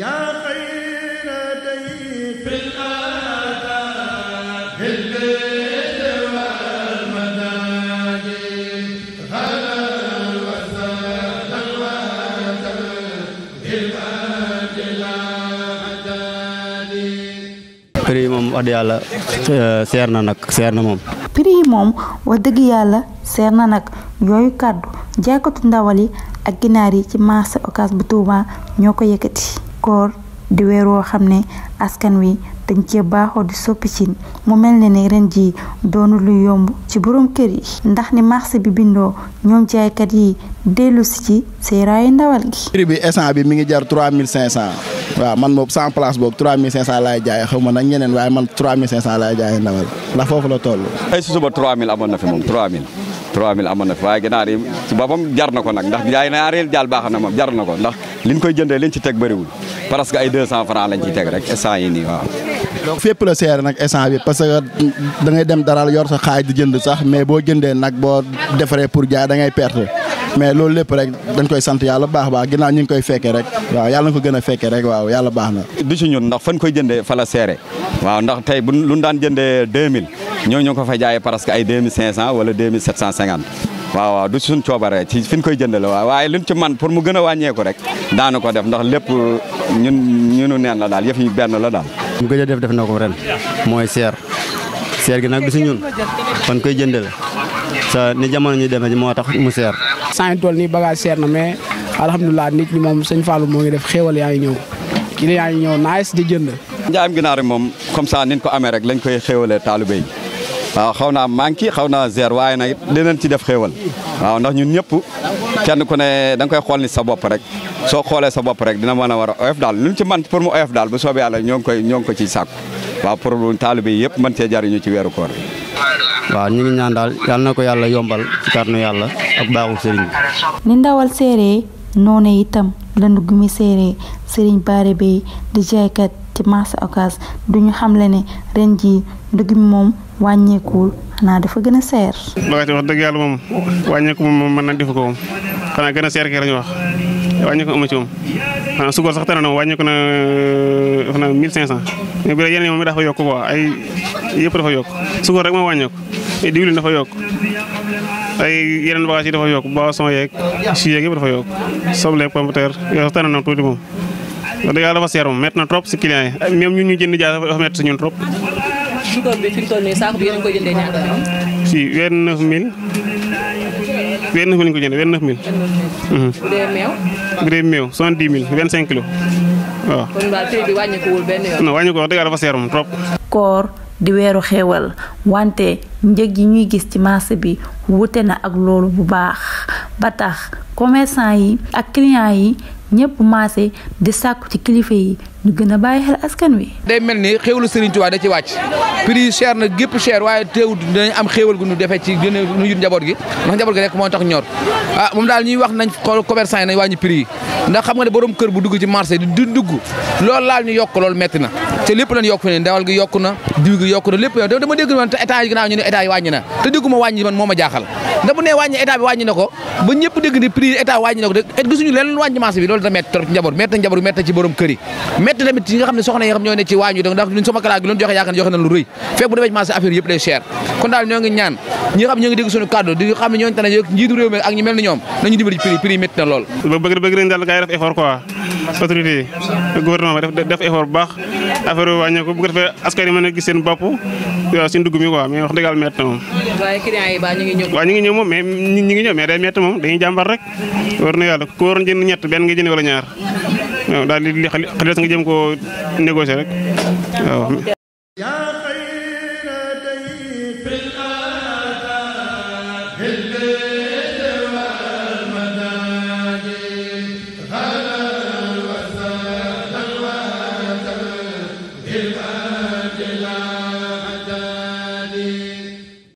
yaa xayra yàlla euh, seer na nag seer na moom prix yi dëgg yàlla seer na nag yooyu kàddu jaaykatu ndawal ak ginaar yi ci marché okas bu Touba ñoo ko yëkkati koor di weer woo xam ne askan wi dañ cee baaxoo di soppi cin mu mel ne ne ren jii doonu lu yomb ci borom kër yi ndax ni marché bi bindoo ñoom jaaykat yi dellu si ci seeraayu ndawal gi. prix bi essence mi ngi jar trois mille cinq cent man moom cent place boog trois mille cinq laay jaayee xaw ma ñeneen waaye man trois mille cinq laay jaayee ndawal ndax foofu la na ndax jaay naa réel baax na moom jar na ko ndax liñ koy jëndee liñ ci teg bëriwul parce que ay 200 francs lañ ci teg rek instant yi nii waaw. donc fépp la seer nag instant bi parce que da ngay dem dara yor sa xaaj di jënd sax mais boo jëndee nag boo defaree pour jaay da ngay perte mais loolu lép rek dañ koy sant yàlla baax baax ginnaaw ñu ngi koy fekkee rek waaw yàlla na ko gën a fekkee rek waaw yàlla baax na. du si ñun ndax fan koy jëndee fa la seere waaw ndax tey bu lu daan jëndee mil ñoo ñu ko fa jaayee parce que ay 2500 wala 2750. waaw waaw du suñ coobare ci fi ñu koy jëndale waaw waaye luñ ci man pour mu gën a wàññeeku rek daanu ko def ndax lépp ñun ñunu neen la daal yëf yi benn la daal mu gëj a def def na ko ren mooy seer seer gi nag du si ñun fan koy jëndale sa ni jamono ñu demee moo tax mu seer sant yi toll nii bagage seer na mais alhamdulilah nit ñi moom sëñ Fallou moo ngi def xéewal yaa ngi ñëw kii yaa ngi ñëw naes di jënd njaayam ginaar yi moom comme ça niñ ko amee rek lañ koy xéewalee taalibe yi waaw xaw naa manqué xaw naa zéro waaye nag dinañ ci def xéewal waaw ndax ñun ñëpp kenn ku ne da nga koy xool ni sa bopp rek soo xoolee sa bopp rek dina mën a war a oyof daal lu ci man pour mu oyof daal bu soobee yàlla ñoo ngi koy ñoo ngi ko ciy sàkku waaw pour taalibe yi yëpp mën cee jariñu ci weeru koor waaw ñu ngi ñaan daal yal na ko yàlla yombal ci kàttanu yàlla ak baaxu sëriñ bi. ni ndawal séeréer noonu itam la ndugg sëriñ baare bi di jaaykat ci marché Ocass duñu xamle ne ren jii ndugum moom wàññeekuwul xanaa dafa a seer. bagage wax dëgg yàlla moom wàññeeku moom mën na defu ko moom xanaa gën a seer kii la ñu wax wàññeeku amu ci moom xanaa suukar sax tane na moom wàññeeku na xanaa euh, 1500 mais bu dee yeneen moom dafa yokk quoi ay yëpp dafa yokk suukar rek moo wàññeeku dafa yokk. ay yeneen bagage yi dafa yokk boisson yeeg si yeeg yëpp dafa yokk soble pomme yooyu sax tane na tuuti moom. wax yàlla dafa seer moom na trop si client yi eh, ñu jënd jaay dafa métti si ñun mille. weer neuf mille ko jëndee weer neuf mille. Mhm. dee meew. bu dee dix mille vingt cinq kilos waaw. kon daal prix bi wàññi ko wul seer moom trop. koor. di weeru xéewal wante njëg yi ñuy gis ci marché bi wute na ak loolu bu baax ba tax commerçant yi ak client yi ñépp marché di sàkku ci kilifa yi ñu na a bàyyi xel askan wi. day mel ni xéwlu Serigne Touba da ci wàcc prix yi na gépp cher waaye teewul dinañ am xéwal gu ñu defee ci gën a nu yut njaboot gi ndax njaboot gi rek moo tax ñor ah moom daal ñuy wax nañ xool commerçant yi nañ wàññi prix yi ndax xam nga ne borom kër bu dugg ci marché di dugg loolu laal ñu yokk loolu metti na te lépp lañ yokk ne ndawal gi yokk na diw gi yokk na lépp dama dégg man te état yi ginnaaw ñu ne état yi wàññi na wàññi man moo ma jaaxal da bu nee wàññi état bi wàññi na ko ba ñëpp dégg ne soxna yi nga ne ci waañu da ndax luñ sama kalaat gi luñ joxe yaakaar ne joxe na lu rëy fekk ñoom moom mais ñi ngi ñëw mais day métti moom dañuy jàmbar rek war na yàlla ku waroon ñett benn nga jën wala ñaar waaw daal di li xalis nga jëm koo négocier rek waaw Hillel